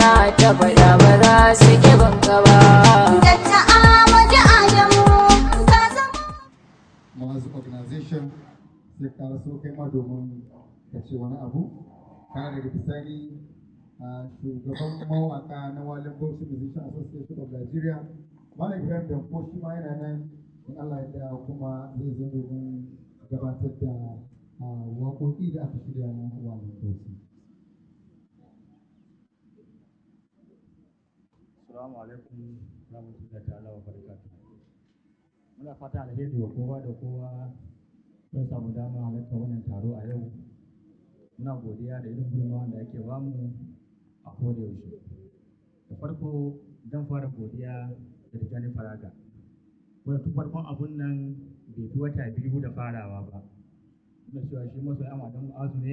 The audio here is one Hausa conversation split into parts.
na ta faɗa ba za su ki banka ba masu organization sai ka so kai ma domin ka ce wani abu kana daga bisani shugaban mawaka na walin bauchi musician association of nigeria malam ibrahim danko shi ma yana nan in allah ya da kuma zai zo domin gabatar da waƙoƙi da aka shirya na walin bauchi Assalamu alaikum rahmatullahi ta'ala wa barakatuh. Muna fata alheri wa kowa da kowa sun samu dama halarta wannan taro a yau. Muna godiya da irin gudunmawa da ake mu a koda yaushe. Da farko zan fara godiya da Tijjani Faraga. Wanda farkon abun nan bai fi wata biyu da farawa ba. Ina cewa shi masoyi amadan azu ne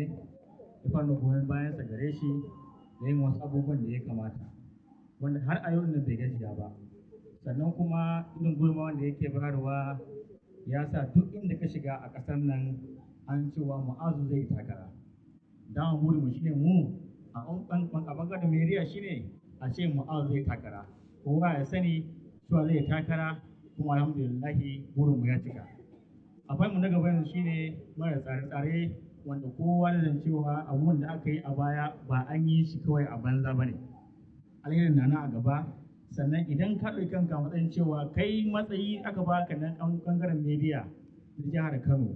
ya fara goyon bayansa gare shi da yin wasu abubuwan da ya kamata. wanda har a yau bai gajiya ba sannan kuma irin gulma wanda yake bayarwa ya sa duk inda ka shiga a ƙasar nan an cewa mu'azu zai takara dama burinmu shine mu a ɓangaren meriya shine a ce mu'azu zai takara kowa ya sani cewa zai takara kuma alhamdulillahi mu ya cika a mu na gaba yanzu shine mara tsare-tsare wanda kowa da cewa abun da aka yi a baya ba an yi shi kawai a banza ba ne. alherin na a gaba sannan idan ka ɗauki kanka matsayin cewa kai matsayi aka baka na ɓangaren media na jihar Kano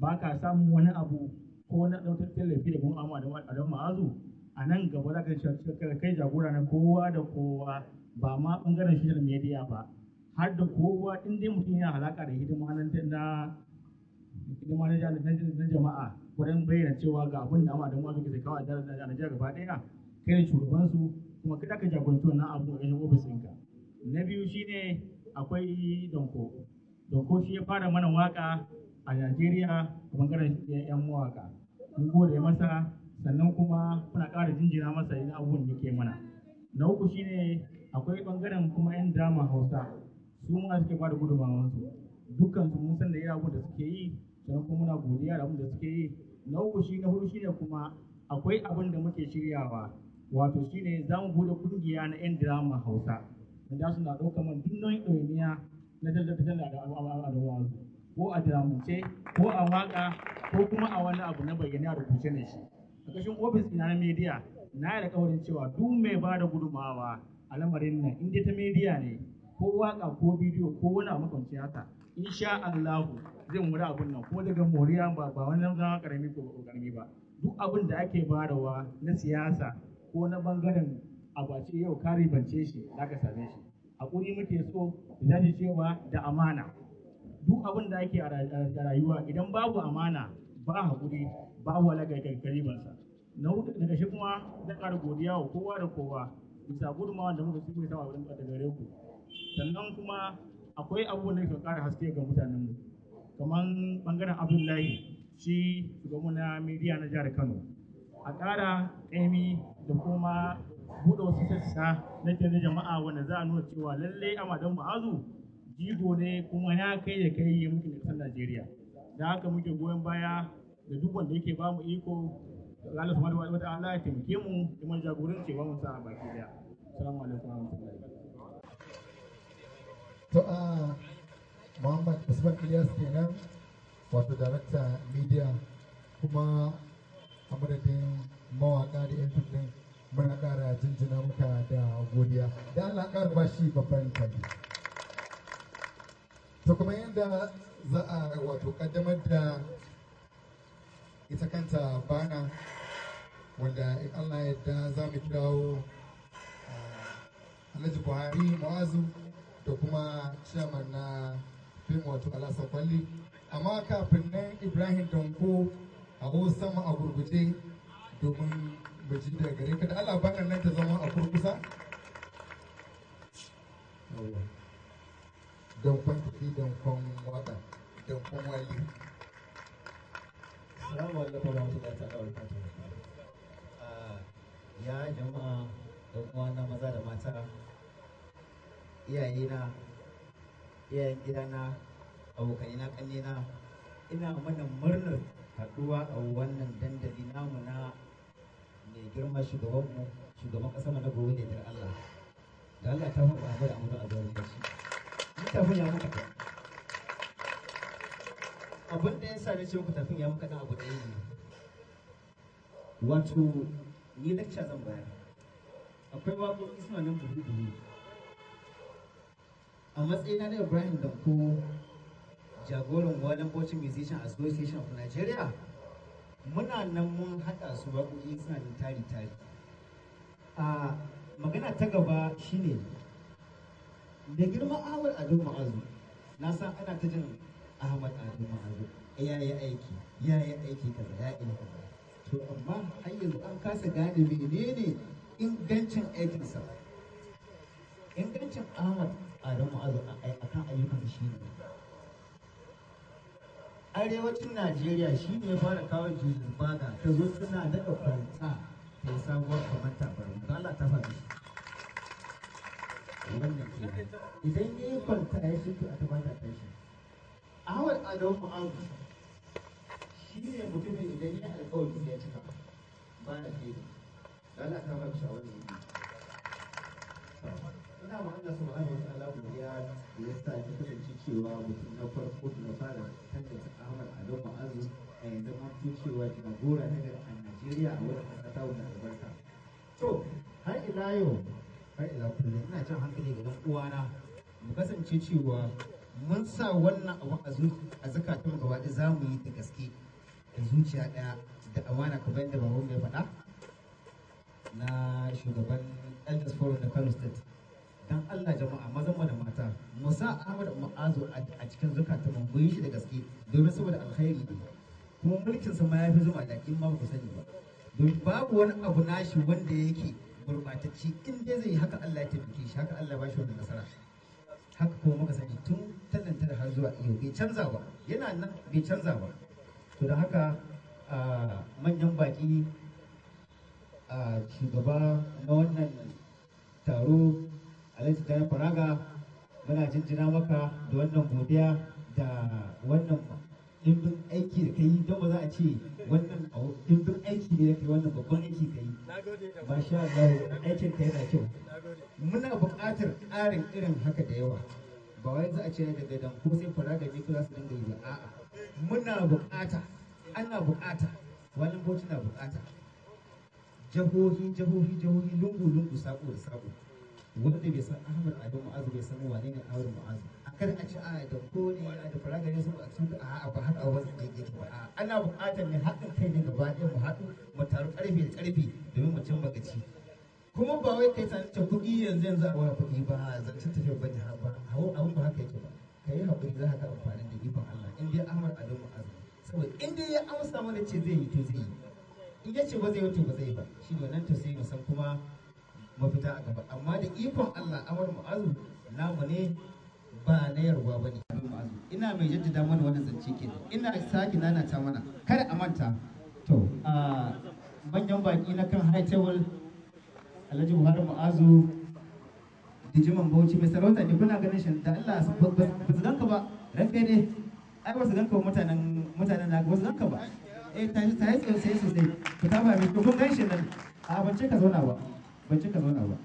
ba ka samun wani abu ko na ɗaukar tallafi da kuma amma da ma'azu a nan gaba za ka kai jagora na kowa da kowa ba ma ɓangaren social media ba har da kowa in dai mutum yana halaka da hidima na jama'a wurin bayyana cewa ga abin da amma da ma'azu ke kawo a jihar gaba ɗaya kai shugabansu kuma kada ka jagoranci wannan abu a ƙarshen ofis ɗinka na biyu shine akwai donko donko shi ya fara mana waka a najeriya a bangaren yan mawaka mun gode masa sannan kuma kuna ƙara jinjina masa yin abubuwan da ke mana na uku shine akwai bangaren kuma yan drama hausa su ma suke ba da su. dukkan su mun san da irin da suke yi sannan kuma muna godiya da abin da suke yi na uku shi na huɗu shine kuma akwai abin da muke shiryawa wato shine za mu bude kungiya na 'yan drama hausa wanda su na ɗauka man duk nauyin na tallafi da al'adu ko a dramance ko a waƙa ko kuma a wani abu na bayyana da kuke ne shi a ƙarshen ofis ina na media na yi alƙawarin cewa duk mai ba da gudummawa a lamarin nan inda ta media ne ko waƙa ko bidiyo ko wani abu makwancin haka insha Allah zai mura abun nan ko daga moriya ba ba wani zama karami ko karami ba duk abin da ake barawa na siyasa ko na bangaren abu a ce yau ka bance shi za ka same shi hakuri muke so da cewa da amana duk abin da ake a rayuwa idan babu amana ba haƙuri ba wala ga sa. na hudu shi kuma zan ƙara godiya wa kowa da kowa bisa gudunmawa da muka cikin sama wurin ƙasa gare ku sannan kuma akwai abubuwan da ke ƙara haske ga mutanen mu kamar bangaren abdullahi shi shugaban na media na jihar kano a ƙara ƙaimi da kuma buɗe wasu sassa na kenan jama'a wanda za a nuna cewa lallai amadan ma'azu jigo ne kuma ya kai da kai ya mutu ƙasar najeriya da haka muke goyon baya da duk wanda yake ba mu iko Allah subhanahu wa ya taimake mu kuma jagorin cewa mu sa baki daya assalamu alaikum wa rahmatullahi to a uh, Muhammad Usman Ilyas kenan wato director media kuma a mawaƙa da yan fim muna ƙara jinjina muka da godiya da Allah ƙara ba shi babban kari to kuma yadda za a wato ƙaddamar da ita kanta bana wanda in Allah yadda za mu kirawo eh, Alhaji Buhari Mu'azu da kuma chairman na fim wato Alasa Kwalli amma kafin nan Ibrahim Danko a sama a gurguje domin bajin daga gare ka da Allah ba nan ta zama a kurkusa don kwan tafi don kwan wada don kwan wali salamu alaikum wa rahmatullahi ta'ala wa barakatuh ah, ya jama'a da kuma na maza da mata iyayena iyayen gidana abokanina kannena ina mana murnar haduwa a wannan dandali namu na mai girma shugabanmu shugaban ƙasar na gobe ne da Allah da Allah ta faɗa abu a amuru a zuwa shi. ni tafin ya muka abin da ya sa na ce muku tafin ya muka dan abu ɗaya ne wato ni lecture zan bayar akwai waƙoƙi suna nan buhu-buhu a matsayina na Ibrahim Danko jagoran Wadan Bocin Musician Association of Nigeria muna nan mun haɗa su waƙoƙi suna da tari tari a magana ta gaba shine da girma ahmad adu ma'azu na san ana ta jin ahmad adu ma'azu ya yi aiki ya yi aiki kaza ya yi kaza to amma har yanzu an kasa gane menene ingancin aikinsa ingancin ahmad adu ma'azu a kan ayyukan shi ne arewacin najeriya shi ne ya fara kawo jirgin baga ta zo suna daga kwanta ta yi sabuwar kamar tabarin da Allah ta faru idan ya yi kwanta ya shi a ta bata ta shi awar adon mu'azu shi ne mutumin idan ya alƙawari ya cika ba na ke da Allah ta faɗi a wannan Ana so Allah subhanahu wa ta'ala godiya da ya sa ta kasance cewa mutum na farko da fara tantance Ahmad Adam Ma'azu a yanzu an fi cewa gora na gari a Najeriya a wurin ƙasa ta wuce albarka. To har ila yau har ila kullum ina jan hankali ga ɗan uwana mu kasance cewa mun sa wannan abu a zukatan gaba ɗaya za mu yi ta gaske da zuciya ɗaya da amana bayan da babanmu mai faɗa na shugaban elders forum da kano state dan Allah jama'a mazan mu da mata mu sa Ahmad Mu'azu a cikin zukata mu yi shi da gaske domin saboda alkhairi kuma mulkin sa ma yafi zuma da in ma ku sani ba domin babu wani abu nashi wanda yake gurbatacci in dai zai haka Allah ya taimake shi haka Allah ba shi wannan nasara haka kuma muka sani tun da har zuwa iyo bai canza ba yana nan bai canza ba to da haka manyan baki a shugaba na wannan taro alhaji ta faraga muna jinjina maka da wannan godiya da wannan dimbin aiki da kai don ba za a ce wannan dimbin aiki ne da kai wannan babban aiki kai masha Allah aikin ka yana kyau muna buƙatar ƙarin irin haka da yawa ba wai za a ce daga gadan ko sai faraga ne ko za su dinga yi a'a muna buƙata ana buƙata wani bauchi na buƙata jahohi jahohi jahohi lungu lungu sako da sako gwamna bai san ahmad ado mu'azu bai san wane ne ahmad mu'azu a kar a ci a da ko ne a da fara gare su a cikin a a ba haka wani ɗan yake ba ana buƙatar ne haɗin kai ne gaba ɗaya mu haɗu mu taru ƙarfe da ƙarfe domin mu cin bagaci kuma ba wai kai tsanci kuɗi yanzu yanzu a wani kuɗi ba zancen tafiyar ba ne ba hawan abin ba haka yake ba ka yi haƙuri za ka amfani da ikon Allah in dai ahmad ado mu'azu saboda in dai ya amsa mana ce zai yi to zai yi in ya ce ba zai yi to ba zai yi ba shi ne nan to sai mu san kuma mafita a gaba amma da ikon Allah amur mu'azu namu ne ba na yarwa bane mu'azu ina mai jaddada mana wannan zance ke ina sake nanata mana kada a manta to a manyan baki na kan high table Alhaji Buhari Mu'azu dijiman Bauchi mai sarauta ne kuna ganin shi da Allah ba su ganka ba rafe ne ai ba su ganka mutanen mutanen na ba su ganka ba eh ta yi sosai sosai ku ta ba mai kun gan shi nan a bance ka zauna ba ban cika zauna ba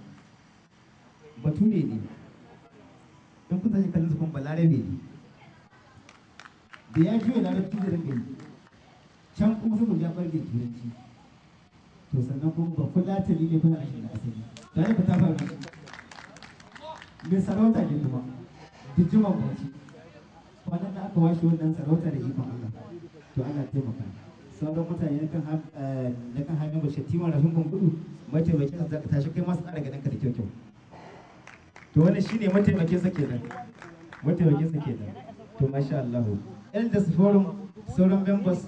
Batu ne don kun shi kallon su kuma ne ne da ya juya larabci da rinka yi can kuma saboda ya barge turanci to sannan kuma ba kula ta ne ba a shi da asali da ya fita faru me sarauta ne kuma jijjiman bauchi kwanan da aka washe wannan sarauta da ikon Allah to ana taimaka sauran mutane na kan na kan hanyar bashi timon rashin bangudu mataimakin sa tashi kai masu tsara ganin ka da kyau kyau to wani shine mataimakin sa kenan mataimakin sa nan to masha Allah elders forum sauran members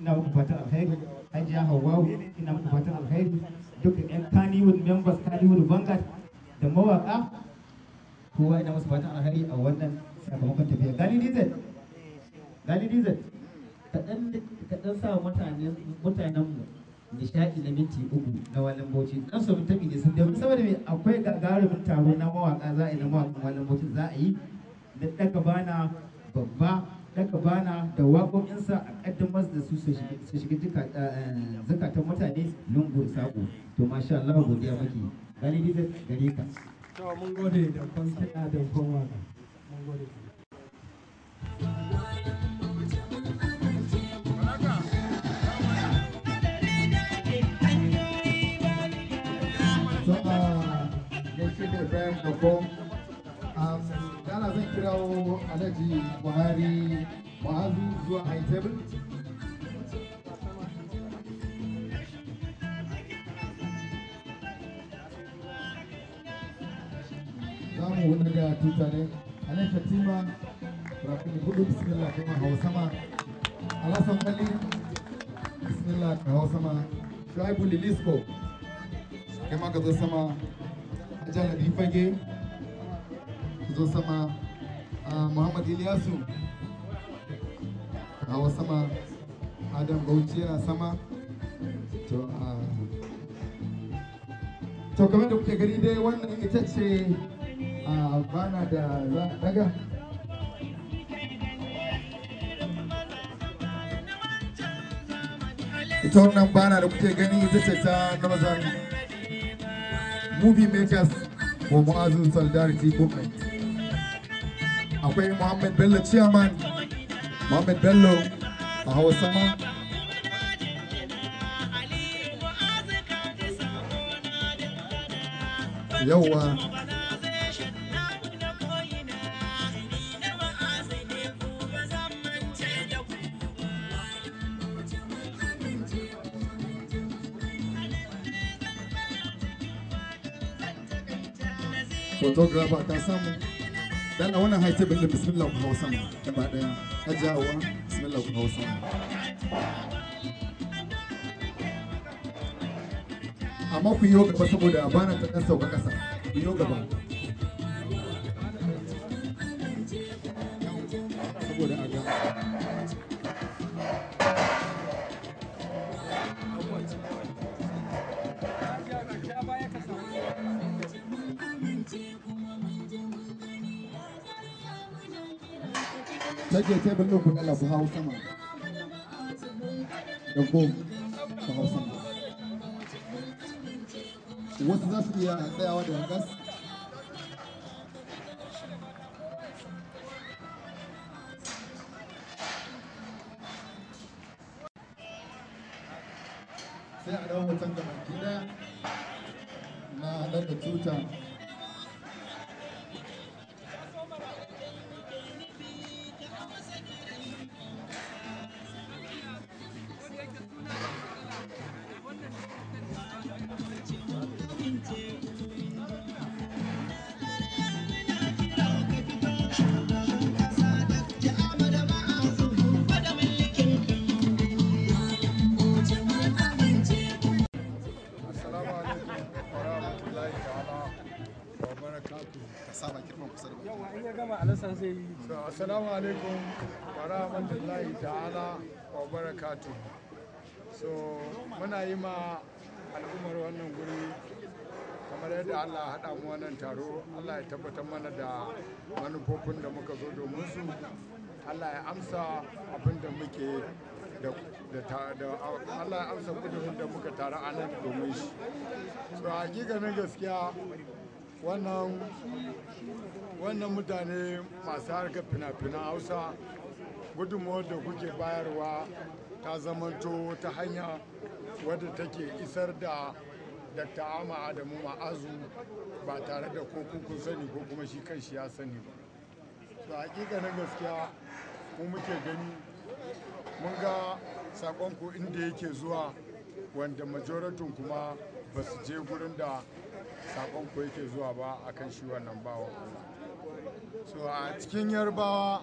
ina muku fatan alheri hajiya hawawu ina muku fatan alheri duk yan kaniwood members kaniwood vanguard da mawaka kowa ina musu fatan alheri a wannan sakamakon tafiya gani dizet gani dizet Kaɗan dan sa mutanen mutanenmu nishaɗi na minti uku na walin bauchi dan su ta bi su, domin saboda me akwai gagarumin taro na mawaƙa za a yi na mawakan walin bauchi za a yi da ɗaga bana babba ɗaga bana da waƙoƙinsa a ƙaddamar da su su shiga eh, zukatan mutane lungu sako to masha Allah godiya maki gani dai gare ka to mun gode da kwankiya da kwanwa mun gode ibrahim gabbo zan um, kirawo alhaji buhari ma'azu zuwa high table za wani da fatima rafin hudu bismillah kuma hau sama bismillah ka hau sama shuaibu lilisko kai zo sama jalabi fage zo sama muhammad ilyasu hawa sama adam bauchi yana sama to kamar da kuke gani dai wannan ita ce bana da za a daga ita wannan bana da kuke gani ita ce ta namazan movie makers for Mu'azu Solidarity Movement. Akwai Mohammed Bello Chairman, Mohammed Bello a Hausa Yawwa. photographer ta samu dan a wannan high bin bismillah ku hausa mu gaba daya hajjawa bismillah ku hausa mu amma ku yi gaba saboda bana ta kasa sauka kasa ku yi gaba Take tebul table look at the house sama. Da ku ku sama. iya tsayawa da gas san zai yi assalamu alaikum wa rahmatullahi ta'ala wa barakatu so muna yi ma al'ummar wannan guri kamar yadda allah haɗa mu wannan taro allah ya tabbatar mana da manufofin da muka zo domin su allah ya amsa abin da muke da allah ya amsa kudurin da muka tara a nan domin shi so hakikanin gaskiya wannan mutane masu harkar fina-finan hausa gudunmawar da kuke bayarwa ta zamanto ta hanya wadda take isar da dr ama adamu ma'azu ba tare da ko kun sani ko kuma shi kan shi ya sani ba su hakika na gaskiya kuma muke gani mun ga sakon inda yake zuwa wanda majoratun kuma ba su je gurin da sakon ku yake zuwa ba akan shi wannan bawa so a cikin yarbawa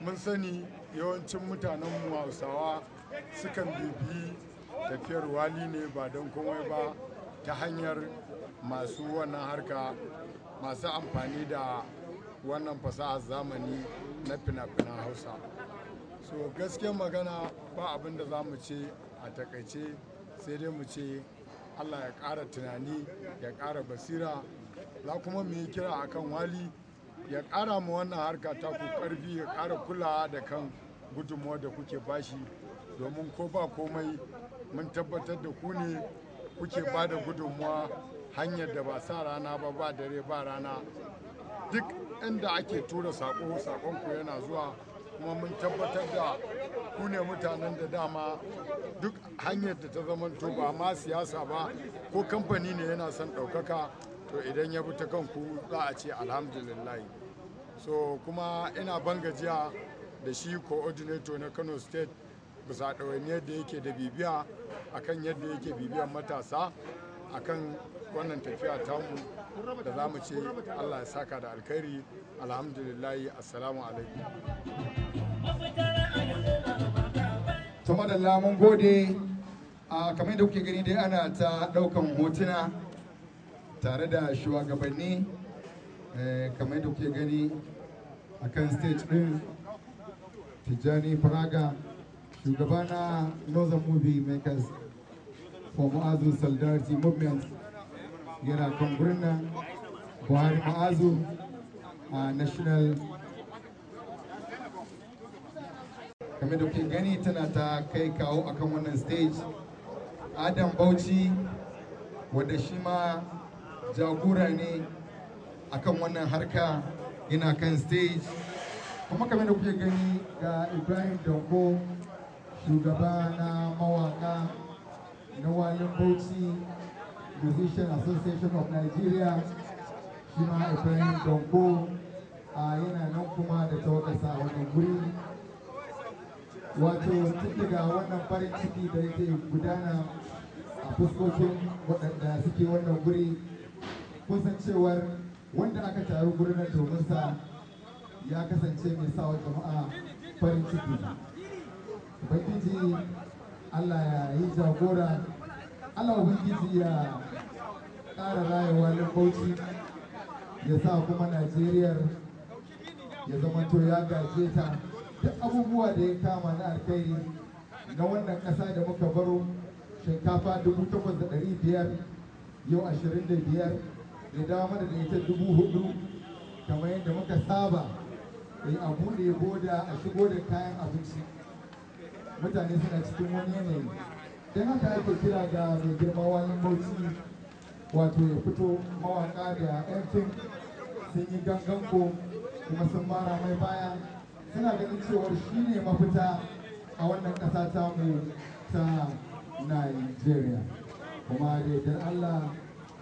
mun sani yawancin mutanen mu hausawa sukan bibi tafiyar wali ne ba don komai ba ta hanyar masu wannan harka masu amfani da wannan fasahar zamani na fina-finan hausa so gaskiyar magana ba abin da za mu ce a takaice sai dai mu ce allah ya ƙara tunani ya ƙara basira za kuma mu yi kira a kan wali ya ƙara mu wannan harka ta ku ƙarfi ya ƙara kulawa da kan gudunmuwa da kuke bashi domin ko ba komai mun tabbatar da ku ne kuke ba da gudunmuwa hanyar da ba sa rana ba ba dare ba rana duk inda ake tura sako sakon yana zuwa kuma mun tabbatar da ku ne mutanen da dama duk hanyar da ta to ba ma siyasa ba ko kamfani ne yana son ɗaukaka to idan ya ta kanku za a ce alhamdulillah so kuma ina bangajiya da shi coordinator na kano state bisa ɗawainiyar da yake da bibiya akan yadda yake bibiyan matasa akan wannan tafiya tamu da za mu ce allah ya saka da alkhairi alhamdulillahi assalamu alaikum tuma da lamun gode a kamar da kuke gani dai ana ta daukan hotuna tare da shugabanni eh, kamar da kuke gani a kan stage din tijjani praga Shugabana northern movie makers for ma'azu Solidarity Movement yana Kongrina, Buhari Ma'azu a uh, National game da kuke gani tana ta kai kawo akan wannan stage adam bauchi wadda shi ma jagora ne akan wannan harka yana kan stage kuma kamar da gani ga ibrahim danko shugaba na mawaka Nawale Bauchi Musician Association of Nigeria shima ma Ibrahim Dongo a yana kuma da tawagarsa a wannan guri wato tun daga wannan farin ciki da yake gudana a fuskokin waɗanda suke wannan guri kusan cewar wanda aka taru gurin nan domin sa ya kasance mai sawa jama'a farin ciki ubangiji Allah ya yi jagora Allah ubangiji ya ƙara rayuwa bauchi ya sa kuma Najeriya ya zamanto ya gaje ta duk abubuwa da ya kama na alkhairi na wannan ƙasa da muka baro shinkafa dubu takwas da ɗari biyar yau ashirin da biyar ya dawo mana da ita dubu hudu kamar yadda muka saba a buɗe boda a shigo da kayan abinci mutane suna cikin wani yanayi don haka ake kira ga mai girma wani motsi wato ya fito mawaka da yan fim sun yi ganganko kuma sun mara mai baya suna ganin cewar shi ne mafita a wannan ƙasa ta mu ta Nigeria kuma da yardar Allah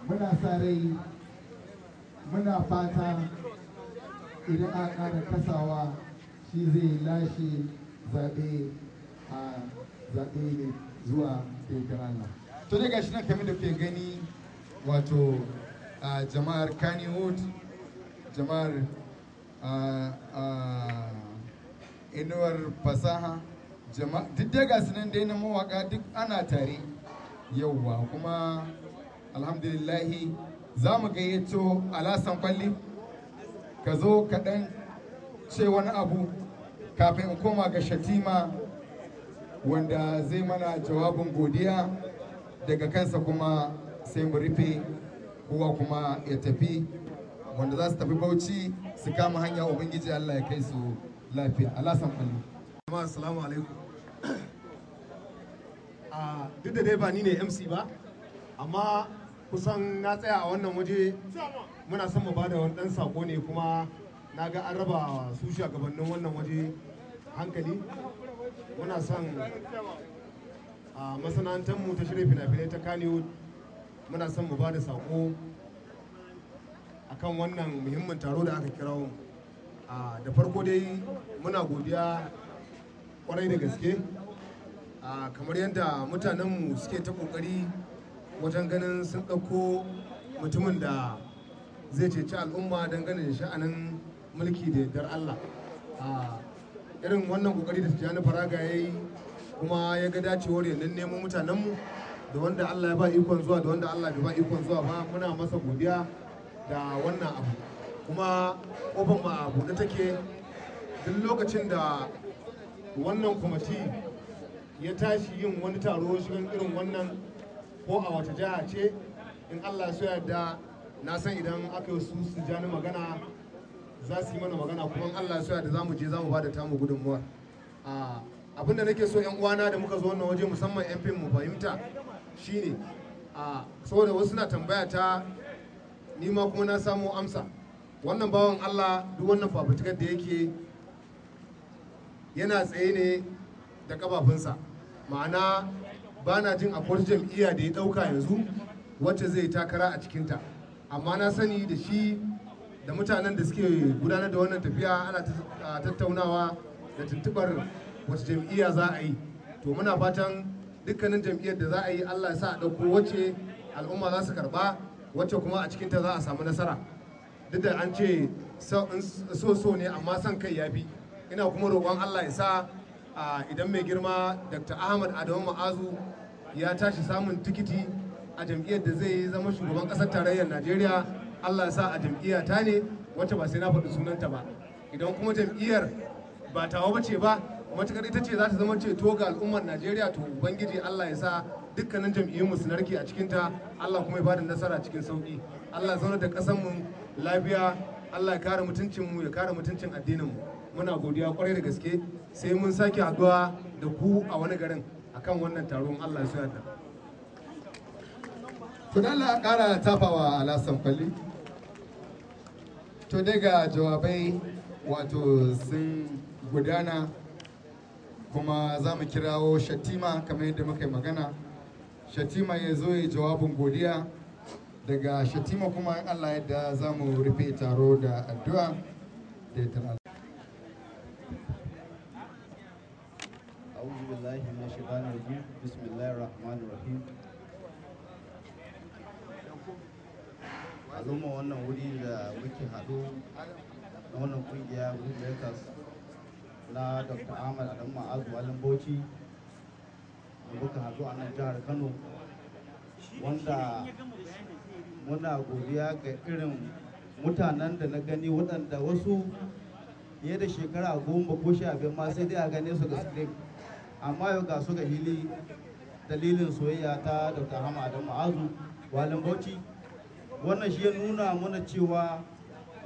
muna sa rai muna fata idan aka da kasawa shi zai lashe zaɓe a zaɓe ne zuwa ɗaya Allah to dai gashi nan kamar da ke gani wato jama'ar Kannywood jama'ar inuwar fasaha duk dai gasu nan dai na mawaka duk ana tare yauwa kuma alhamdulillahi za mu gayyato alasan kwalli ka zo kaɗan ce wani abu kafin in koma ga shatima wanda zai mana jawabin godiya daga kansa kuma sai mu rufe kowa kuma ya tafi wanda za su tafi bauchi su kama hanya ubangiji allah ya kai su lafiya kullu kwallo assalamu alaikum ah, duk da dai ba ni ne mc ba amma kusan na tsaya a wannan waje muna son mu bada wani dan sako ne kuma na ga an raba su shugabannin wannan waje hankali muna son a masana'antarmu ta shirya fina-finai ta kaniwood muna son mu ba da saƙo akan wannan muhimmin taro da aka kira mu da farko dai muna godiya kwarai da gaske kamar yadda mutanenmu suke ta ƙoƙari wajen ganin sun ɗauko mutumin da zai ceci al'umma dangane da sha'anin mulki da yardar Allah irin wannan kokari da tijjani faraga ya yi kuma ya ga dacewar yanzu nemo mutanenmu da wanda allah ya ba ikon zuwa da wanda allah bai ba ikon zuwa ba muna masa godiya da wannan abu kuma kofar ma a da take duk lokacin da wannan kwamiti ya tashi yin wani taro shigan irin wannan ko a wata jiha ce in allah ya so yarda na san idan aka yi su su magana za su yi mana magana kuma Allah ya da zamu je zamu bada tamu gudunmuwar abinda nake so yan uwana da muka zo wannan waje musamman yan fim mu fahimta shine a saboda wasu na tambaya ta ni ma kuma na samu amsa wannan bawan Allah duk wannan fafutukar da yake yana tsaye ne da kafafunsa ma'ana ba na jin akwai jam'iyya da ya dauka yanzu wacce zai takara a cikinta amma na sani da shi da mutanen da suke gudanar da wannan tafiya ana tattaunawa da tuntubar wasu jam'iyya za a yi to muna fatan dukkanin jam'iyyar da za a yi allah ya sa a ɗauko wacce al'umma za su karba wacce kuma a cikinta za a samu nasara duk da an ce so so ne amma son kai ya fi ina kuma roƙon allah ya sa idan mai girma dr ahmad adamu ma'azu ya tashi samun tikiti a jam'iyyar da zai zama shugaban ƙasar tarayyar najeriya Allah sa a jam'iyya ta ne wacce ba sai na faɗi sunanta ba idan kuma jam'iyyar ba tawa bace ba matukar ita ce za ta zama ceto ga al'ummar Najeriya to ubangiji Allah ya sa dukkanin jam'iyyun su narke a cikin ta Allah kuma ya bada nasara cikin sauki Allah zauna da ƙasar mu lafiya Allah ya kare mutuncin mu ya kare mutuncin addinin mu muna godiya kwarai da gaske sai mun sake haduwa da ku a wani garin akan wannan taron Allah ya yarda to akara kara tafawa alasan kwalli to daga jawabai wato sun gudana kuma za mu kirawo shatima kamar yadda muka magana shatima ya zo ya jawabin godiya daga shatima kuma in allah yadda za mu rufe taro da addu'a da ya أعوذ بالله من الشيطان الرجيم بسم al'umma wannan wuri da muke hadu na wannan ƙungiya Lakers na Dr. Ahmad Adam Ma'az walin Bauchi da muka hadu a nan jihar Kano wanda muna godiya ga irin mutanen da na gani waɗanda wasu fiye da shekara goma ko sha biyar ma sai dai a gane su da screen amma yau ga su ga hili dalilin soyayya ta Dr. Ahmad Adam azu Walin Bauchi wannan shi ya nuna mana cewa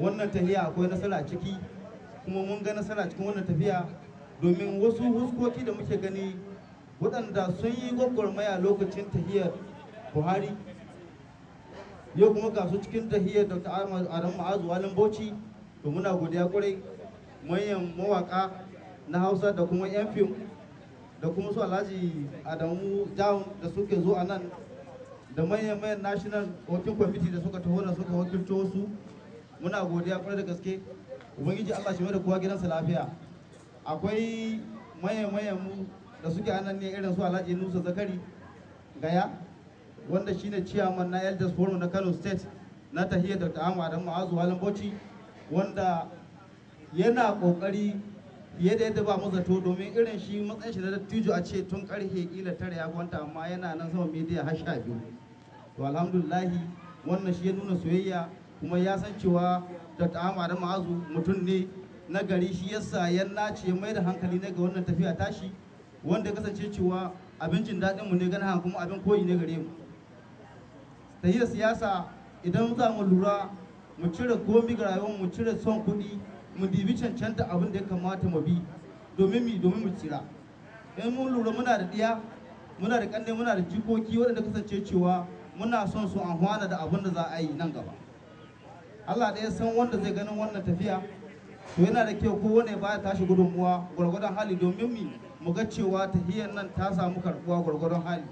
wannan tafiya akwai nasara ciki kuma mun ga nasara cikin wannan tafiya domin wasu huskoki da muke gani waɗanda sun yi gwagwarmaya lokacin tahiyar buhari yau kuma ga su cikin tahiyar dr adam ma'azu walin bauchi to muna godiya kwarai manyan mawaka na hausa da kuma yan fim da kuma su alhaji adamu jawon da suke zo a nan da manyan manyan national working committee da suka taho da suka wakilto su muna godiya kwarai da gaske ubangiji allah shi da kowa gidansa lafiya akwai manyan manyan mu da suke anan ne irin su alhaji nusa zakari gaya wanda shine chairman na elders forum na kano state na tahiyar da ta'amu adam ma'azu halin bauchi wanda yana kokari fiye da yadda ba mu zato domin irin shi matsayin shi na dattijo a ce tun karhe kila tare ya kwanta amma yana nan sama media har biyu to alhamdulillahi wannan shi ya nuna soyayya kuma ya san cewa da ta'ama da ma'azu mutum ne na gari shi yasa ya nace mai da hankali ne ga wannan tafiya tashi wanda kasance cewa abincin daɗin mu ne gana kuma abin koyi ne gare mu ta da siyasa idan za mu lura mu cire komi ga rayuwar mu cire son kuɗi mu dibi cancanta abin da ya kamata mu bi domin mi domin mu tsira in mun lura muna da ɗiya muna da ƙanne muna da jikoki waɗanda kasance cewa muna son su amfana da abin da za a yi nan gaba Allah da ya san wanda zai ganin wannan tafiya to yana da kyau kowane ba ya tashi gudunmuwa gwargwadon hali domin mi mu ga cewa tahiyar nan ta samu karbuwa gwargwadon hali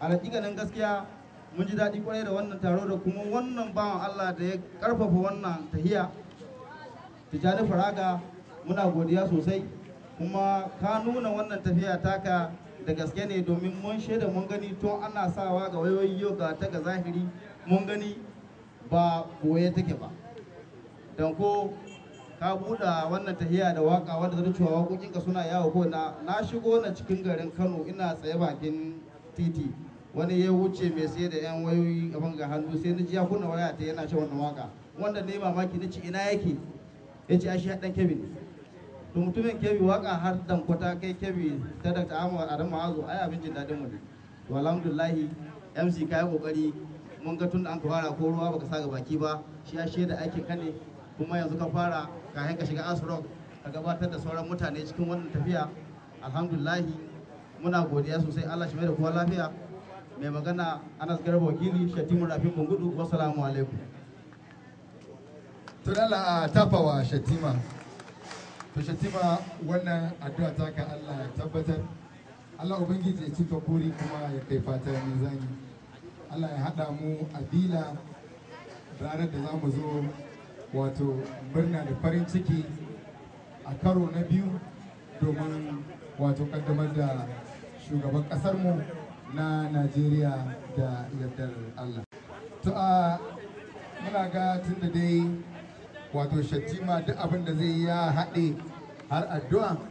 a hakikanin gaskiya mun ji daɗi kwarai da wannan taro da kuma wannan bawan Allah da ya karfafa wannan tahiya tijani faraga muna godiya sosai kuma ka nuna wannan tafiya taka da gaske ne domin mun shaida mun gani tun ana sawa ga wayoyi yoga ta ga zahiri mun gani ba koye take ba don ko ka buɗa wannan tahiya da waka wadda zai cewa waƙoƙinka suna yawo ko na na shigo na cikin garin kano ina tsaye bakin titi wani ya wuce mai sai da yan wayoyi a ga hannu sai na ji ya kunna waya ta yana shan wannan waka wanda ne mamaki na ce ina yake ya ce ashe ɗan kebin to mutumin kebi waka har kwata kai kebi ta dr ahmad adam ma'azu ai jin daɗin mu to alhamdulillahi mc kayi kokari mun ga tun da an ka fara ko ruwa baka sa ga baki ba shi ya shaida aikin ka ne kuma yanzu ka fara ka ka shiga asrock ka gabatar da sauran mutane cikin wannan tafiya alhamdulillahi muna godiya sosai allah shi mai da kuma lafiya mai magana anas garba wakili shatimu rafi bungudu wassalamu alaikum tunala a tafawa shatima to shatima wannan addu'a ta ka Allah ya tabbatar Allah ubangiji ya cika buri kuma ya kai fatan mizani Allah ya haɗa mu a bila ranar da za mu zo wato birna da farin ciki a karo na biyu domin wato kaddamar da shugaban ƙasarmu na Najeriya da yardar Allah. To a muna ga tun da dai wato shattima duk abin da zai ya haɗe har addu'a